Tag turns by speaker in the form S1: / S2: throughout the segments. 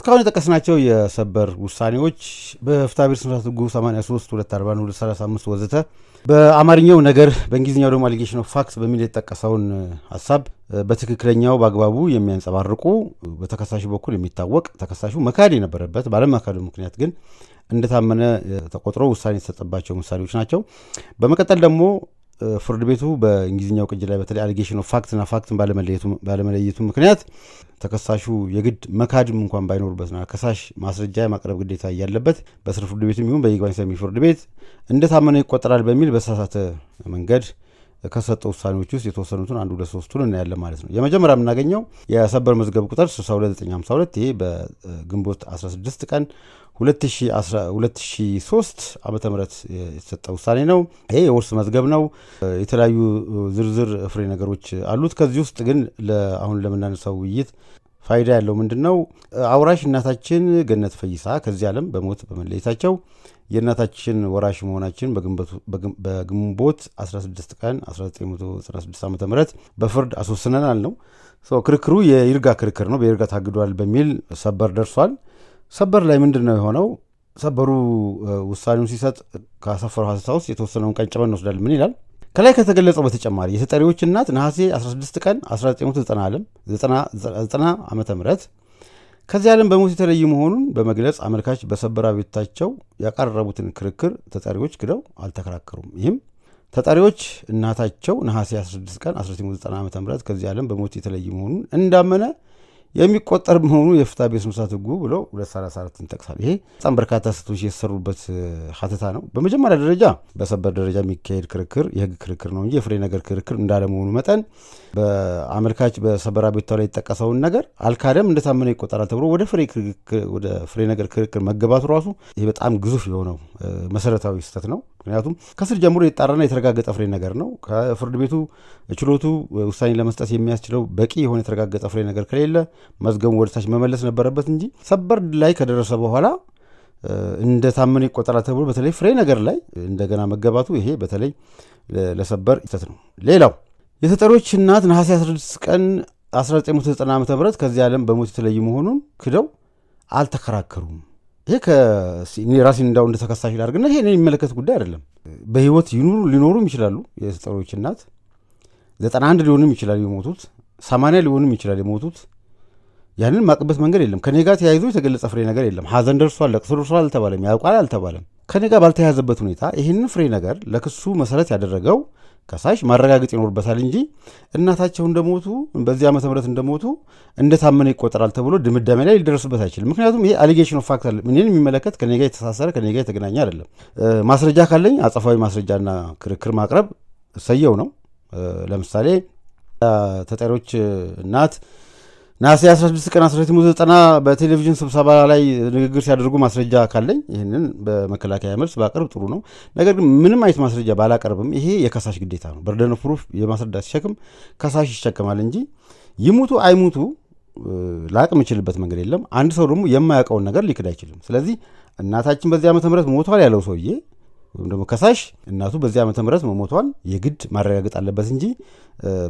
S1: እስካሁን የጠቀስናቸው የሰበር ውሳኔዎች በፍትሐብሔር ስነ ስርዓት ሕጉ 83 ወዘተ በአማርኛው ነገር በእንግሊዝኛው ደግሞ አሊጌሽን ኦፍ ፋክስ በሚል የተጠቀሰውን ሀሳብ በትክክለኛው በአግባቡ የሚያንጸባርቁ በተከሳሹ በኩል የሚታወቅ ተከሳሹ መካድ የነበረበት ባለመካዱ ምክንያት ግን እንደታመነ ተቆጥሮ ውሳኔ የተሰጠባቸው ምሳሌዎች ናቸው። በመቀጠል ደግሞ ፍርድ ቤቱ በእንግሊዝኛው ቅጅ ላይ በተለይ አሊጌሽን ኦፍ ፋክትና ፋክትን ባለመለየቱ ምክንያት ተከሳሹ የግድ መካድም እንኳን ባይኖርበት ነው ከሳሽ ማስረጃ የማቅረብ ግዴታ እያለበት በስር ፍርድ ቤትም ይሁን በይግባኝ ሰሚ ፍርድ ቤት እንደታመነ ይቆጠራል በሚል በተሳሳተ መንገድ ከሰጠ ውሳኔዎች ውስጥ የተወሰኑትን አንድ ሁለት ሶስቱን እናያለን ማለት ነው። የመጀመሪያ የምናገኘው የሰበር መዝገብ ቁጥር 6292 ይሄ በግንቦት 16 ቀን 2003 ዓ ም የተሰጠ ውሳኔ ነው። ይሄ የውርስ መዝገብ ነው። የተለያዩ ዝርዝር ፍሬ ነገሮች አሉት። ከዚህ ውስጥ ግን አሁን ለምናነሳው ውይይት ፋይዳ ያለው ምንድን ነው? አውራሽ እናታችን ገነት ፈይሳ ከዚህ ዓለም በሞት በመለየታቸው የእናታችን ወራሽ መሆናችን በግንቦት 16 ቀን 1996 ዓ ም በፍርድ አስወስነናል ነው። ክርክሩ የይርጋ ክርክር ነው። በይርጋ ታግዷል በሚል ሰበር ደርሷል። ሰበር ላይ ምንድን ነው የሆነው? ሰበሩ ውሳኔውን ሲሰጥ ካሰፈረው ሀሳብ ውስጥ የተወሰነውን ጭበን እንወስዳል። ምን ይላል? ከላይ ከተገለጸው በተጨማሪ የተጠሪዎች እናት ነሐሴ 16 ቀን 1990 ዓ ም ከዚህ ዓለም በሞት የተለዩ መሆኑን በመግለጽ አመልካች በሰበር አቤቱታቸው ያቀረቡትን ክርክር ተጠሪዎች ክደው አልተከራከሩም። ይህም ተጠሪዎች እናታቸው ነሐሴ 16 ቀን 1990 ዓ ም ከዚህ ዓለም በሞት የተለዩ መሆኑን እንዳመነ የሚቆጠር መሆኑ የፍታ ቤት ንዑሳት ጉ ብሎ 234 ይጠቅሳል። ይሄ በጣም በርካታ ስህተቶች የተሰሩበት ሀተታ ነው። በመጀመሪያ ደረጃ በሰበር ደረጃ የሚካሄድ ክርክር የህግ ክርክር ነው እንጂ የፍሬ ነገር ክርክር እንዳለመሆኑ መጠን በአመልካች በሰበራ ቤቷ ላይ የጠቀሰውን ነገር አልካደም እንደታመነ ይቆጠራል ተብሎ ወደ ፍሬ ነገር ክርክር መገባቱ ራሱ ይሄ በጣም ግዙፍ የሆነው መሰረታዊ ስህተት ነው። ምክንያቱም ከስር ጀምሮ የጣራና የተረጋገጠ ፍሬ ነገር ነው። ከፍርድ ቤቱ ችሎቱ ውሳኔ ለመስጠት የሚያስችለው በቂ የሆነ የተረጋገጠ ፍሬ ነገር ከሌለ መዝገቡ ወደታች መመለስ ነበረበት እንጂ ሰበር ላይ ከደረሰ በኋላ እንደ ታመነ ይቆጠራል ተብሎ በተለይ ፍሬ ነገር ላይ እንደገና መገባቱ ይሄ በተለይ ለሰበር ይተት ነው። ሌላው የተጠሪዎች እናት ነሐሴ 16 ቀን 1990 ዓ ም ከዚህ ዓለም በሞት የተለዩ መሆኑን ክደው አልተከራከሩም። ይሄ ራሴን እንዳው እንደ ተከሳሽ ላድርግና ይሄ የሚመለከት ጉዳይ አይደለም። በህይወት ሊኖሩም ይችላሉ። የጠሮች እናት ዘጠና አንድ ሊሆንም ይችላል የሞቱት፣ ሰማንያ ሊሆንም ይችላል የሞቱት። ያንን ማቅበት መንገድ የለም። ከኔ ጋር ተያይዞ የተገለጸ ፍሬ ነገር የለም። ሀዘን ደርሷል፣ ለቅሶ ደርሷል አልተባለም፣ ያውቃል አልተባለም። ከኔ ጋር ባልተያያዘበት ሁኔታ ይህንን ፍሬ ነገር ለክሱ መሰረት ያደረገው ከሳሽ ማረጋገጥ ይኖርበታል እንጂ እናታቸው እንደሞቱ በዚህ ዓመተ ምህረት እንደሞቱ እንደታመነ ይቆጠራል ተብሎ ድምዳሜ ላይ ሊደረስበት አይችልም። ምክንያቱም ይሄ አሊጌሽን ኦፍ ፋክት አለ። የሚመለከት ከኔ ጋር የተሳሰረ ከኔ ጋር የተገናኘ አይደለም። ማስረጃ ካለኝ አጸፋዊ ማስረጃና ክርክር ማቅረብ ሰየው ነው። ለምሳሌ ተጠሪዎች እናት ናሴ 16 ቀን 1990 በቴሌቪዥን ስብሰባ ላይ ንግግር ሲያደርጉ ማስረጃ ካለኝ ይህንን በመከላከያ መልስ ባቀርብ ጥሩ ነው። ነገር ግን ምንም አይነት ማስረጃ ባላቀርብም ይሄ የከሳሽ ግዴታ ነው። በርደን ፕሩፍ የማስረዳት ሸክም ከሳሽ ይሸከማል እንጂ ይሙቱ አይሙቱ ላቅ የምችልበት መንገድ የለም። አንድ ሰው ደግሞ የማያውቀውን ነገር ሊክድ አይችልም። ስለዚህ እናታችን በዚህ ዓመተ ምህረት ሞቷል ያለው ሰውዬ ወይም ደግሞ ከሳሽ እናቱ በዚህ ዓመተ ምህረት መሞቷን የግድ ማረጋገጥ አለበት እንጂ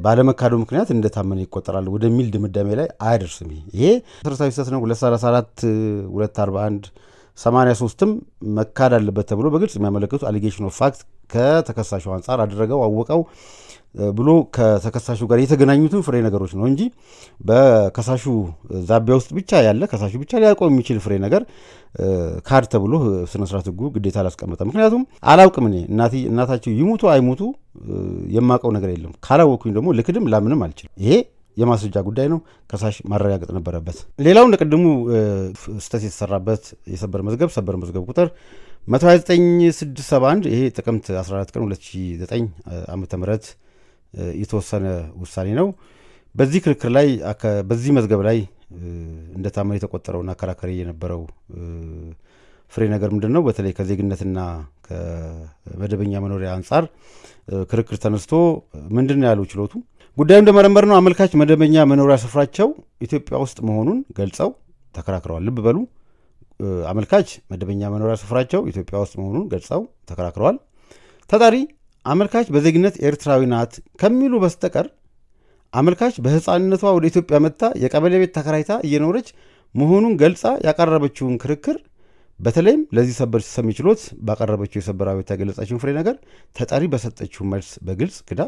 S1: ባለመካዱ ምክንያት እንደታመነ ይቆጠራል ወደሚል ድምዳሜ ላይ አያደርስም። ይሄ መሰረታዊ ስህተት ነው። 234 241 83ም መካድ አለበት ተብሎ በግልጽ የሚያመለክቱ አሊጌሽን ኦፍ ፋክት ከተከሳሹ አንጻር አደረገው፣ አወቀው ብሎ ከተከሳሹ ጋር የተገናኙትን ፍሬ ነገሮች ነው እንጂ በከሳሹ ዛቢያ ውስጥ ብቻ ያለ ከሳሹ ብቻ ሊያውቀው የሚችል ፍሬ ነገር ካድ ተብሎ ስነስርዓት ሕጉ ግዴታ አላስቀመጠ። ምክንያቱም አላውቅም እኔ እናታቸው ይሙቱ አይሙቱ የማውቀው ነገር የለም። ካላወኩኝ ደግሞ ልክድም ላምንም አልችልም። ይሄ የማስረጃ ጉዳይ ነው። ከሳሽ ማረጋገጥ ነበረበት። ሌላው እንደ ቅድሙ ስህተት የተሰራበት የሰበር መዝገብ ሰበር መዝገብ ቁጥር 129671 ይሄ ጥቅምት 14 ቀን 2009 ም የተወሰነ ውሳኔ ነው። በዚህ ክርክር ላይ በዚህ መዝገብ ላይ እንደ ታማኝ የተቆጠረውና አከራካሪ የነበረው ፍሬ ነገር ምንድን ነው? በተለይ ከዜግነትና ከመደበኛ መኖሪያ አንጻር ክርክር ተነስቶ ምንድን ነው ያለው ችሎቱ? ጉዳዩ እንደመረመር ነው አመልካች መደበኛ መኖሪያ ስፍራቸው ኢትዮጵያ ውስጥ መሆኑን ገልጸው ተከራክረዋል። ልብ በሉ አመልካች መደበኛ መኖሪያ ስፍራቸው ኢትዮጵያ ውስጥ መሆኑን ገልጸው ተከራክረዋል። ተጣሪ አመልካች በዜግነት ኤርትራዊ ናት ከሚሉ በስተቀር አመልካች በሕፃንነቷ ወደ ኢትዮጵያ መጥታ የቀበሌ ቤት ተከራይታ እየኖረች መሆኑን ገልጻ ያቀረበችውን ክርክር በተለይም ለዚህ ሰበር ሲሰሚ ችሎት ባቀረበችው የሰበር አቤቱታ የገለጸችውን ፍሬ ነገር ተጠሪ በሰጠችው መልስ በግልጽ ግዳ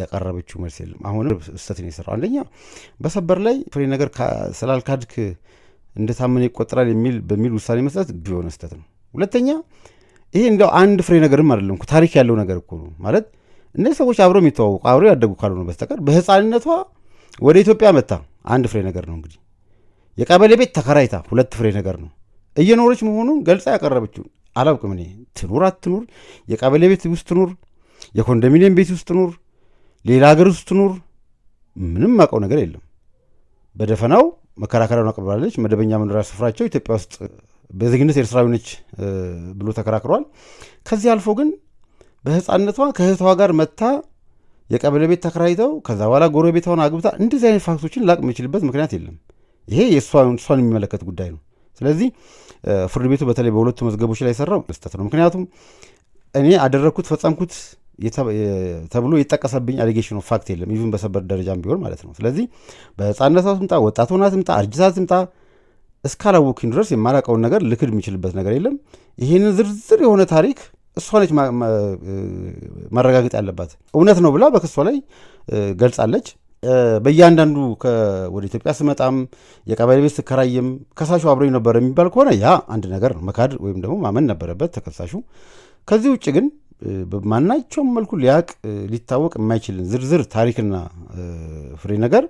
S1: ያቀረበችው መልስ የለም። አሁንም ነው የሰራው አንደኛ በሰበር ላይ ፍሬ ነገር ስላልካድክ እንደታመነ ይቆጠራል የሚል በሚል ውሳኔ መስጠት ቢሆን ስህተት ነው። ሁለተኛ ይሄ እንዲያው አንድ ፍሬ ነገርም አይደለም፣ ታሪክ ያለው ነገር እኮ ነው። ማለት እነዚህ ሰዎች አብረው የሚተዋወቁ አብረው ያደጉ ካልሆነ በስተቀር በህፃንነቷ ወደ ኢትዮጵያ መታ አንድ ፍሬ ነገር ነው እንግዲህ። የቀበሌ ቤት ተከራይታ ሁለት ፍሬ ነገር ነው እየኖረች መሆኑን ገልጻ ያቀረበችው አላውቅም እኔ ትኑር አትኑር፣ የቀበሌ ቤት ውስጥ ትኑር፣ የኮንዶሚኒየም ቤት ውስጥ ትኑር፣ ሌላ ሀገር ውስጥ ትኑር፣ ምንም አውቀው ነገር የለም። በደፈናው መከራከሪያውን አቅርባለች። መደበኛ መኖሪያ ስፍራቸው ኢትዮጵያ ውስጥ በዜግነት ኤርትራዊ ነች ብሎ ተከራክሯል። ከዚህ አልፎ ግን በህፃነቷ ከእህቷ ጋር መታ የቀበሌ ቤት ተከራይተው ከዛ በኋላ ጎረቤቷን አግብታ እንደዚህ አይነት ፋክቶችን ላቅ የሚችልበት ምክንያት የለም። ይሄ የእሷን የሚመለከት ጉዳይ ነው። ስለዚህ ፍርድ ቤቱ በተለይ በሁለቱ መዝገቦች ላይ የሰራው ስህተት ነው። ምክንያቱም እኔ አደረግኩት ፈጸምኩት ተብሎ የጠቀሰብኝ አሊጌሽን ኦፍ ፋክት የለም። ኢቭን በሰበር ደረጃም ቢሆን ማለት ነው። ስለዚህ በህፃነቷ ትምጣ፣ ወጣት ሆና ትምጣ፣ አርጅታ ትምጣ እስካላወኩኝ ድረስ የማላውቀውን ነገር ልክድ የሚችልበት ነገር የለም። ይህንን ዝርዝር የሆነ ታሪክ እሷ ነች ማረጋገጥ ያለባት። እውነት ነው ብላ በክሷ ላይ ገልጻለች። በእያንዳንዱ ወደ ኢትዮጵያ ስመጣም የቀበሌ ቤት ስከራይም ከሳሹ አብረኝ ነበር የሚባል ከሆነ ያ አንድ ነገር ነው፣ መካድ ወይም ደግሞ ማመን ነበረበት ተከሳሹ። ከዚህ ውጭ ግን በማናቸውም መልኩ ሊያቅ ሊታወቅ የማይችልን ዝርዝር ታሪክና ፍሬ ነገር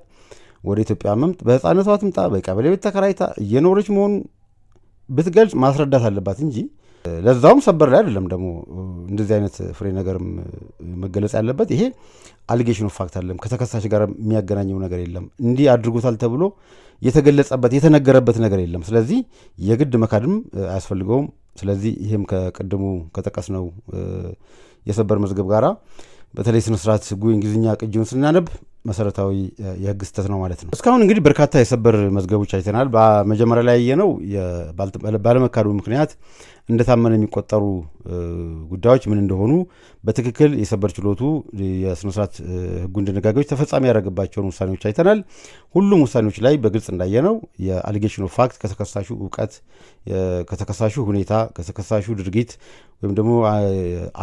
S1: ወደ ኢትዮጵያ መምጥ በህፃነቷ ትምጣ በቀበሌ ቤት ተከራይታ እየኖረች መሆኑን ብትገልጽ ማስረዳት አለባት እንጂ ለዛውም ሰበር ላይ አይደለም ደግሞ እንደዚህ አይነት ፍሬ ነገርም መገለጽ ያለበት ይሄ አሊጌሽን ኦፍ ፋክት አለም ከተከሳሽ ጋር የሚያገናኘው ነገር የለም። እንዲህ አድርጎታል ተብሎ የተገለጸበት የተነገረበት ነገር የለም። ስለዚህ የግድ መካድም አያስፈልገውም። ስለዚህ ይህም ከቅድሙ ከጠቀስነው የሰበር መዝገብ ጋራ በተለይ ስነስርዓት ህጉ እንግሊዝኛ ቅጂውን ስናነብ መሰረታዊ የህግ ስህተት ነው ማለት ነው። እስካሁን እንግዲህ በርካታ የሰበር መዝገቦች አይተናል። መጀመሪያ ላይ ያየነው ባለመካዱ ምክንያት እንደታመነ የሚቆጠሩ ጉዳዮች ምን እንደሆኑ በትክክል የሰበር ችሎቱ የስነስርዓት ህጉን ድንጋጌዎች ተፈጻሚ ያደረገባቸውን ውሳኔዎች አይተናል። ሁሉም ውሳኔዎች ላይ በግልጽ እንዳየነው የአሊጌሽን ኦፍ ፋክት ከተከሳሹ እውቀት፣ ከተከሳሹ ሁኔታ፣ ከተከሳሹ ድርጊት ወይም ደግሞ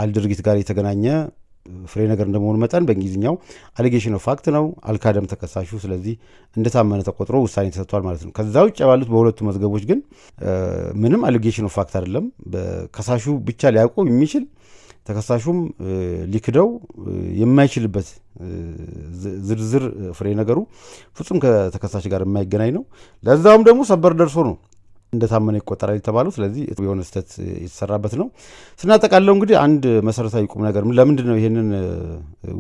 S1: አል ድርጊት ጋር የተገናኘ ፍሬ ነገር እንደመሆኑ መጠን በእንግሊዝኛው አሊጌሽን ኦፍ ፋክት ነው። አልካደም ተከሳሹ። ስለዚህ እንደታመነ ተቆጥሮ ውሳኔ ተሰጥቷል ማለት ነው። ከዛ ውጭ ባሉት በሁለቱ መዝገቦች ግን ምንም አሊጌሽን ኦፍ ፋክት አይደለም። ከሳሹ ብቻ ሊያውቀው የሚችል ተከሳሹም ሊክደው የማይችልበት ዝርዝር ፍሬ ነገሩ ፍጹም ከተከሳሽ ጋር የማይገናኝ ነው። ለዛውም ደግሞ ሰበር ደርሶ ነው እንደታመነ ይቆጠራል የተባለው። ስለዚህ የሆነ ስህተት የተሰራበት ነው። ስናጠቃለው እንግዲህ አንድ መሰረታዊ ቁም ነገር ለምንድን ነው ይህንን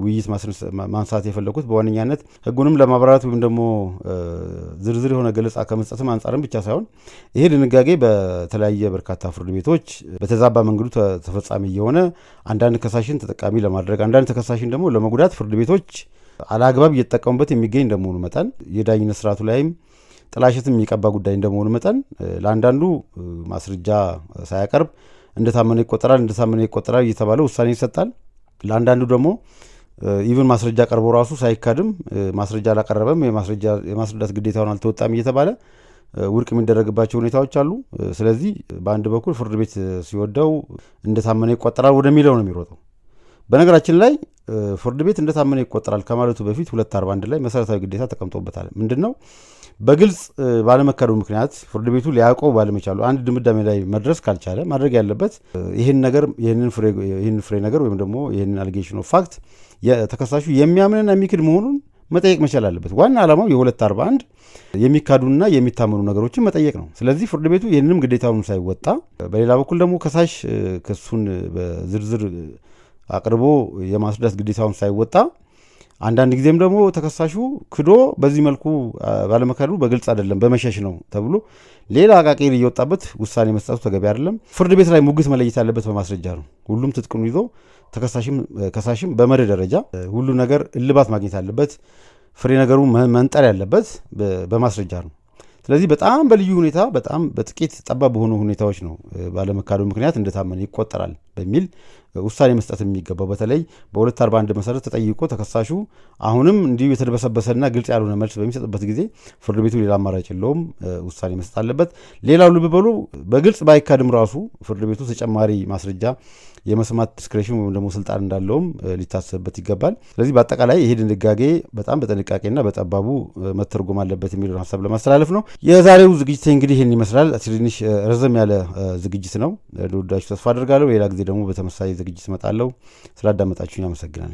S1: ውይይት ማንሳት የፈለጉት በዋነኛነት ህጉንም ለማብራራት ወይም ደግሞ ዝርዝር የሆነ ገለጻ ከመስጠትም አንጻርም ብቻ ሳይሆን ይሄ ድንጋጌ በተለያየ በርካታ ፍርድ ቤቶች በተዛባ መንገዱ ተፈጻሚ እየሆነ አንዳንድ ከሳሽን ተጠቃሚ ለማድረግ አንዳንድ ተከሳሽን ደግሞ ለመጉዳት ፍርድ ቤቶች አላግባብ እየተጠቀሙበት የሚገኝ እንደመሆኑ መጠን የዳኝነት ስርዓቱ ላይም ጥላሸትም የሚቀባ ጉዳይ እንደመሆኑ መጠን ለአንዳንዱ ማስረጃ ሳያቀርብ እንደታመነ ይቆጠራል፣ እንደታመነ ይቆጠራል እየተባለ ውሳኔ ይሰጣል። ለአንዳንዱ ደግሞ ኢቭን ማስረጃ ቀርቦ ራሱ ሳይካድም ማስረጃ አላቀረበም የማስረዳት ግዴታውን አልተወጣም እየተባለ ውድቅ የሚደረግባቸው ሁኔታዎች አሉ። ስለዚህ በአንድ በኩል ፍርድ ቤት ሲወደው እንደታመነ ይቆጠራል ወደሚለው ነው የሚሮጠው። በነገራችን ላይ ፍርድ ቤት እንደታመነ ይቆጠራል ከማለቱ በፊት ሁለት አርባ አንድ ላይ መሰረታዊ ግዴታ ተቀምጦበታል። ምንድን ነው? በግልጽ ባለመካዱ ምክንያት ፍርድ ቤቱ ሊያውቀው ባለመቻሉ አንድ ድምዳሜ ላይ መድረስ ካልቻለ ማድረግ ያለበት ይህን ነገር ይህንን ፍሬ ነገር ወይም ደግሞ ይህን አሊጌሽን ኦፍ ፋክት ተከሳሹ የሚያምንና የሚክድ መሆኑን መጠየቅ መቻል አለበት። ዋና ዓላማው የ241 የሚካዱና የሚታመኑ ነገሮችን መጠየቅ ነው። ስለዚህ ፍርድ ቤቱ ይህንም ግዴታውን ሳይወጣ፣ በሌላ በኩል ደግሞ ከሳሽ ክሱን በዝርዝር አቅርቦ የማስረዳት ግዴታውን ሳይወጣ አንዳንድ ጊዜም ደግሞ ተከሳሹ ክዶ በዚህ መልኩ ባለመካዱ በግልጽ አይደለም በመሸሽ ነው ተብሎ ሌላ አቃቂር እየወጣበት ውሳኔ መስጠቱ ተገቢ አይደለም። ፍርድ ቤት ላይ ሙግት መለየት ያለበት በማስረጃ ነው። ሁሉም ትጥቅኑ ይዞ ተከሳሽም ከሳሽም በመርህ ደረጃ ሁሉ ነገር እልባት ማግኘት ያለበት ፍሬ ነገሩ መንጠር ያለበት በማስረጃ ነው። ስለዚህ በጣም በልዩ ሁኔታ በጣም በጥቂት ጠባብ በሆኑ ሁኔታዎች ነው ባለመካዱ ምክንያት እንደታመነ ይቆጠራል። በሚል ውሳኔ መስጠት የሚገባው በተለይ በ241 መሰረት ተጠይቆ ተከሳሹ አሁንም እንዲሁ የተደበሰበሰና ግልጽ ያልሆነ መልስ በሚሰጥበት ጊዜ ፍርድ ቤቱ ሌላ አማራጭ የለውም፣ ውሳኔ መስጠት አለበት። ሌላው ልብ በሉ በግልጽ ባይካድም ራሱ ፍርድ ቤቱ ተጨማሪ ማስረጃ የመስማት ዲስክሬሽን ወይም ደግሞ ስልጣን እንዳለውም ሊታሰብበት ይገባል። ስለዚህ በአጠቃላይ ይሄ ድንጋጌ በጣም በጥንቃቄና በጠባቡ መተርጎም አለበት የሚለውን ሀሳብ ለማስተላለፍ ነው። የዛሬው ዝግጅት እንግዲህ ይህን ይመስላል። ትንሽ ረዘም ያለ ዝግጅት ነው። ለወዳችሁ ተስፋ አድርጋለሁ። ሌላ ጊዜ ደግሞ በተመሳሳይ ዝግጅት እመጣለሁ። ስላዳመጣችሁን ያመሰግናል።